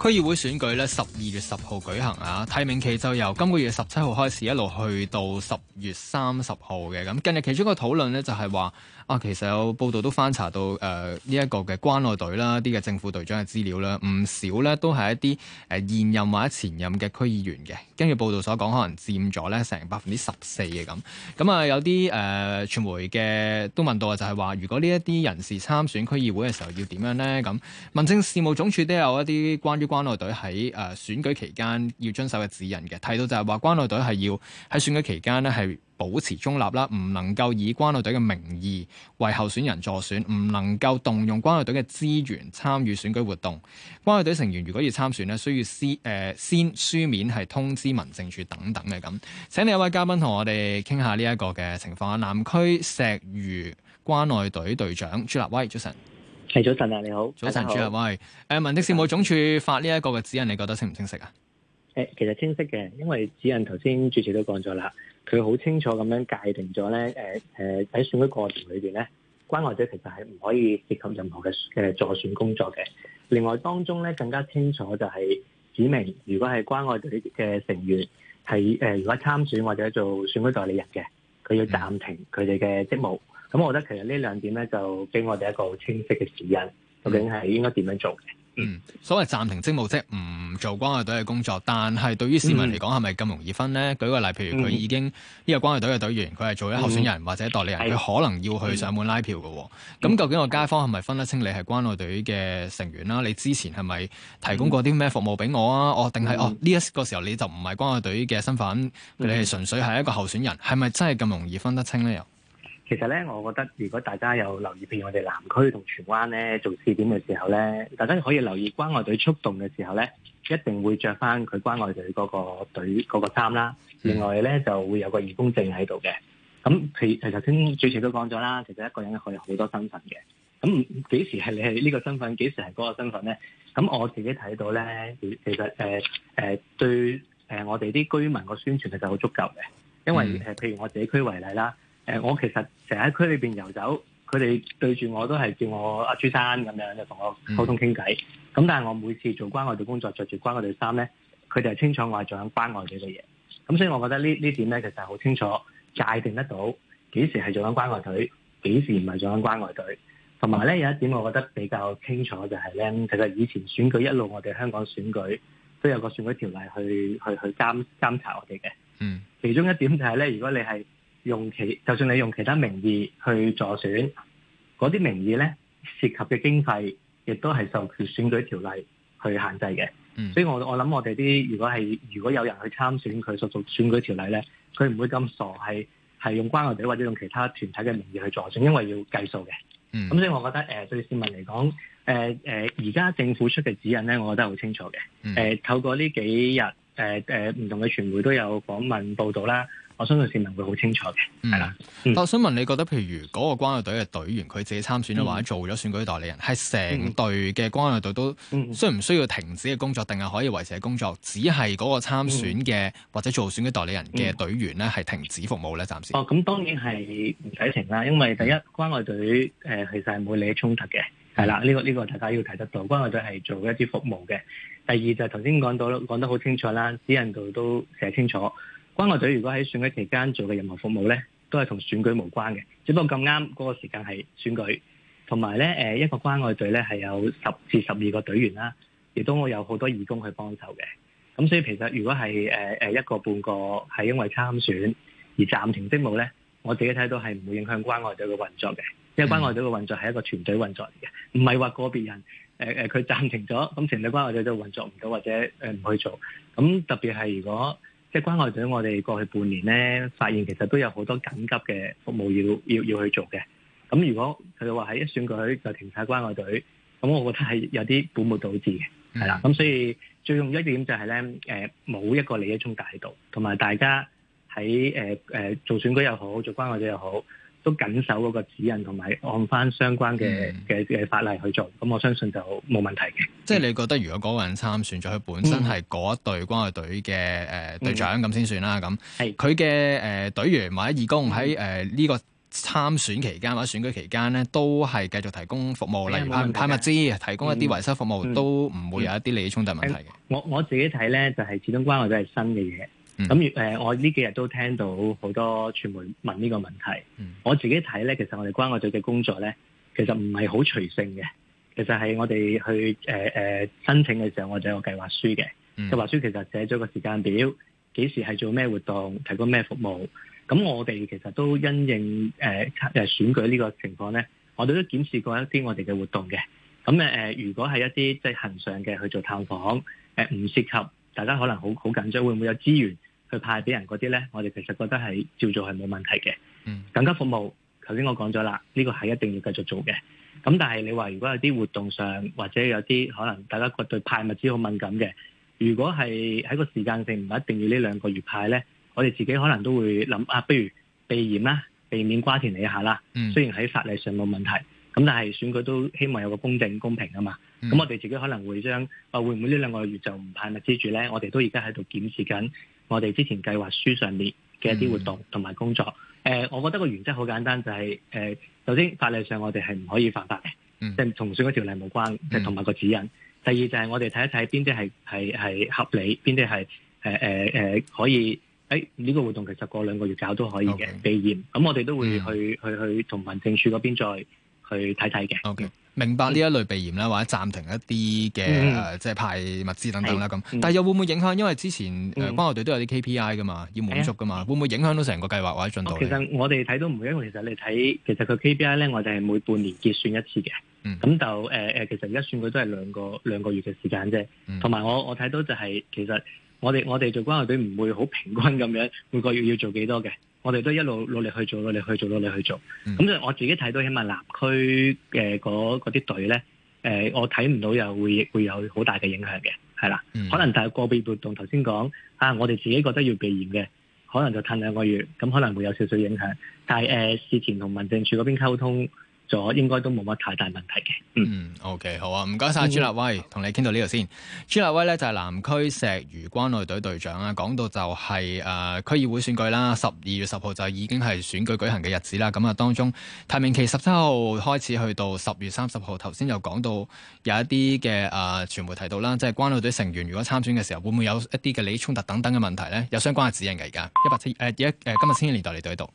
區議會選舉咧，十二月十號舉行啊！提名期就由今個月十七號開始，一路去到十月三十號嘅。咁近日其中一個討論咧，就係、是、話啊，其實有報道都翻查到誒呢一個嘅關愛隊啦，啲嘅政府隊長嘅資料啦，唔少咧都係一啲誒、呃、現任或者前任嘅區議員嘅。根據報道所講，可能佔咗咧成百分之十四嘅咁。咁啊、呃、有啲誒傳媒嘅都問到啊，就係話如果呢一啲人士參選區議會嘅時候要點樣呢？咁民政事務總署都有一啲關於。關愛隊喺誒選舉期間要遵守嘅指引嘅，提到就係話關愛隊係要喺選舉期間呢係保持中立啦，唔能夠以關愛隊嘅名義為候選人助選，唔能夠動用關愛隊嘅資源參與選舉活動。關愛隊成員如果要參選呢，需要先誒、呃、先書面係通知民政處等等嘅咁。請你一位嘉賓同我哋傾下呢一個嘅情況啊，南區石漁關愛隊隊長朱立威，早晨。係，早晨啊，你好，早晨安，朱立威，喂，誒、呃，民政事務總署發呢一個嘅指引，你覺得清唔清晰啊？誒，其實清晰嘅，因為指引頭先主持都講咗啦，佢好清楚咁樣界定咗咧。誒、呃、誒，喺、呃、選舉過程裏邊咧，關愛隊其實係唔可以涉及任何嘅誒助選工作嘅。另外，當中咧更加清楚就係指明，如果係關愛隊嘅成員喺誒、呃，如果參選或者做選舉代理人嘅，佢要暫停佢哋嘅職務。嗯咁我覺得其實呢兩點咧，就俾我哋一個好清晰嘅指引，究竟係應該點樣做嘅。嗯，所謂暫停職務即唔、就係、做關愛隊嘅工作，但係對於市民嚟講係咪咁容易分呢？舉個例，譬如佢已經呢、嗯、個關愛隊嘅隊員，佢係做咗候選人或者代理人，佢、嗯、可能要去上門拉票嘅、哦。咁、嗯、究竟個街坊係咪分得清你係關愛隊嘅成員啦、啊？嗯、你之前係咪提供過啲咩服務俾我啊？我定係哦呢一、嗯哦這個時候你就唔係關愛隊嘅身份，嗯、你係純粹係一個候選人，係咪真係咁容易分得清呢？其實咧，我覺得如果大家有留意，譬如我哋南區同荃灣咧做試點嘅時候咧，大家可以留意關愛隊出動嘅時候咧，一定會着翻佢關愛隊嗰個隊嗰、嗰個衫啦。另外咧，就會有個義工證喺度嘅。咁其其實頭先主持都講咗啦，其實一個人可以有好多身份嘅。咁幾時係你係呢個身份？幾時係嗰個身份咧？咁我自己睇到咧，其實誒誒、呃呃，對誒、呃、我哋啲居民個宣傳其實好足夠嘅，因為誒、嗯、譬如我自己區為例啦。誒，我其實成日喺區裏邊遊走，佢哋對住我都係叫我阿朱生咁樣，就同我溝通傾偈。咁、嗯、但係我每次做關愛隊工作，着住關愛隊衫咧，佢就係清楚我係做緊關愛隊嘅嘢。咁所以我覺得呢呢點咧，其實係好清楚界定得到，幾時係做緊關愛隊，幾時唔係做緊關愛隊。同埋咧，有一點我覺得比較清楚就係、是、咧，其實以前選舉一路，我哋香港選舉都有個選舉條例去去去監監察我哋嘅。嗯，其中一點就係、是、咧，如果你係。用其就算你用其他名義去助選，嗰啲名義咧涉及嘅經費，亦都係受條選舉條例去限制嘅。嗯、所以我我諗我哋啲如果係如果有人去參選，佢熟熟選舉條例咧，佢唔會咁傻，係係用關愛隊或者用其他團體嘅名義去助選，因為要計數嘅。咁、嗯嗯、所以我覺得、呃、對市民嚟講，誒而家政府出嘅指引咧，我覺得係好清楚嘅、呃。透過呢幾日唔、呃呃、同嘅傳媒都有訪問報導啦。我相信市民會好清楚嘅，係啦、嗯。嗯、但我想問你覺得，譬如嗰個關愛隊嘅隊員佢自己參選或者做咗選舉代理人，係成、嗯、隊嘅關愛隊都需唔需要停止嘅工作，定係、嗯、可以維持嘅工作？只係嗰個參選嘅或者做選舉代理人嘅隊員咧，係、嗯、停止服務咧？暫時哦，咁當然係唔使停啦，因為第一、嗯、關愛隊誒、呃、其實係冇利益衝突嘅，係啦、嗯，呢、呢個呢、呢個大家要睇得到，關愛隊係做了一啲服務嘅。第二就係頭先講到講得好清楚啦，指引度都寫清楚。關愛隊如果喺選舉期間做嘅任何服務呢，都係同選舉無關嘅。只不過咁啱嗰個時間係選舉，同埋呢，誒，一個關愛隊呢係有十至十二個隊員啦，亦都會有好多義工去幫手嘅。咁所以其實如果係誒誒一個半個係因為參選而暫停職務呢，我自己睇到係唔會影響關愛隊嘅運作嘅。因為關愛隊嘅運作係一個團隊運作嚟嘅，唔係話個別人，誒誒，佢暫停咗，咁團隊關愛隊就運作唔到或者誒唔去做。咁特別係如果。關愛隊，我哋過去半年呢，發現其實都有好多緊急嘅服務要要要去做嘅。咁如果佢哋話喺一選舉就停晒關愛隊，咁我覺得係有啲本末倒置嘅，係啦、嗯。咁所以最重要一點就係、是、呢，誒、呃、冇一個利益衝突喺度，同埋大家喺誒誒做選舉又好，做關愛隊又好。都緊守嗰個指引，同埋按翻相關嘅嘅嘅法例去做，咁、嗯、我相信就冇問題嘅。即係你覺得，如果嗰個人參選咗，佢本身係嗰隊關愛隊嘅誒、嗯呃、隊長，咁先算啦。咁佢嘅誒隊員或者義工喺呢、呃呢個參選期間或者選舉期間呢，都係繼續提供服務，例如派派物資、提供一啲維修服務，嗯、都唔會有一啲利益衝突問題嘅。我我自己睇咧，就係、是、始終關愛都係新嘅嘢。咁越、嗯、我呢幾日都聽到好多傳媒問呢個問題。嗯、我自己睇呢，其實我哋關愛隊嘅工作呢，其實唔係好隨性嘅。其實係我哋去、呃、申請嘅時候，我就有個計劃書嘅。嗯、計劃書其實寫咗個時間表，幾時係做咩活動，提供咩服務。咁我哋其實都因應誒誒、呃、選舉呢個情況呢，我哋都檢視過一啲我哋嘅活動嘅。咁誒、呃、如果係一啲即係恆常嘅去做探訪，唔、呃、涉及大家可能好好緊張，會唔會有資源？去派俾人嗰啲咧，我哋其實覺得係照做係冇問題嘅。嗯，更加服務，頭先我講咗啦，呢個係一定要繼續做嘅。咁但係你話如果有啲活動上或者有啲可能大家覺得對派物資好敏感嘅，如果係喺個時間性唔一定要呢兩個月派咧，我哋自己可能都會諗啊，不如避嫌啦，避免瓜田李下啦。嗯，雖然喺法例上冇問題。咁但係選舉都希望有個公正公平啊嘛，咁、嗯、我哋自己可能會將啊會唔會呢兩個月就唔派物資住咧？我哋都而家喺度檢視緊我哋之前計劃書上面嘅一啲活動同埋工作、嗯呃。我覺得個原則好簡單，就係、是、誒，首、呃、先法例上我哋係唔可以犯法嘅，即係、嗯、同選舉條例冇關，即係、嗯、同埋個指引。第二就係我哋睇一睇邊啲係合理，邊啲係可以，誒、欸、呢、這個活動其實過兩個月搞都可以嘅 Okay, 避嫌。咁我哋都會去、嗯、去去同民政處嗰邊再。去睇睇嘅。O、okay, K，明白呢一類避嫌啦，嗯、或者暫停一啲嘅即係派物資等等啦。咁，嗯、但係又會唔會影響？因為之前誒關愛隊都有啲 K P I 㗎嘛，要滿足㗎嘛，嗯、會唔會影響到成個計劃或者進度？其實我哋睇到唔會，因為其實你睇其實佢 K P I 咧，我哋係每半年結算一次嘅。咁、嗯、就誒誒、呃，其實而家算佢都係兩個兩個月嘅時間啫。同埋、嗯、我我睇到就係、是、其實。我哋我哋做關愛隊唔會好平均咁樣，每個月要做幾多嘅？我哋都一路努力去做，努力去做，努力去做。咁就、嗯嗯、我自己睇到區，起碼南區嘅嗰啲隊呢，我睇唔到又會會有好大嘅影響嘅，係啦。嗯、可能就個別活動，頭先講啊，我哋自己覺得要避嫌嘅，可能就褪兩個月，咁可能會有少少影響。但係、呃、事前同民政處嗰邊溝通。咗應該都冇乜太大問題嘅。嗯,嗯，OK，好啊，唔該晒。朱立威，同你傾到呢度先。朱立威咧就係、是、南區石漁關愛隊隊長啊。講到就係、是、誒、呃、區議會選舉啦，十二月十號就已經係選舉舉行嘅日子啦。咁、嗯、啊，當中提名期十七號開始去到十月三十號。頭先又講到有一啲嘅誒傳媒提到啦，即係關愛隊成員如果參選嘅時候，會唔會有一啲嘅利益衝突等等嘅問題咧？有相關嘅指引嘅而家。一百七誒而家今日千禧年代嚟到。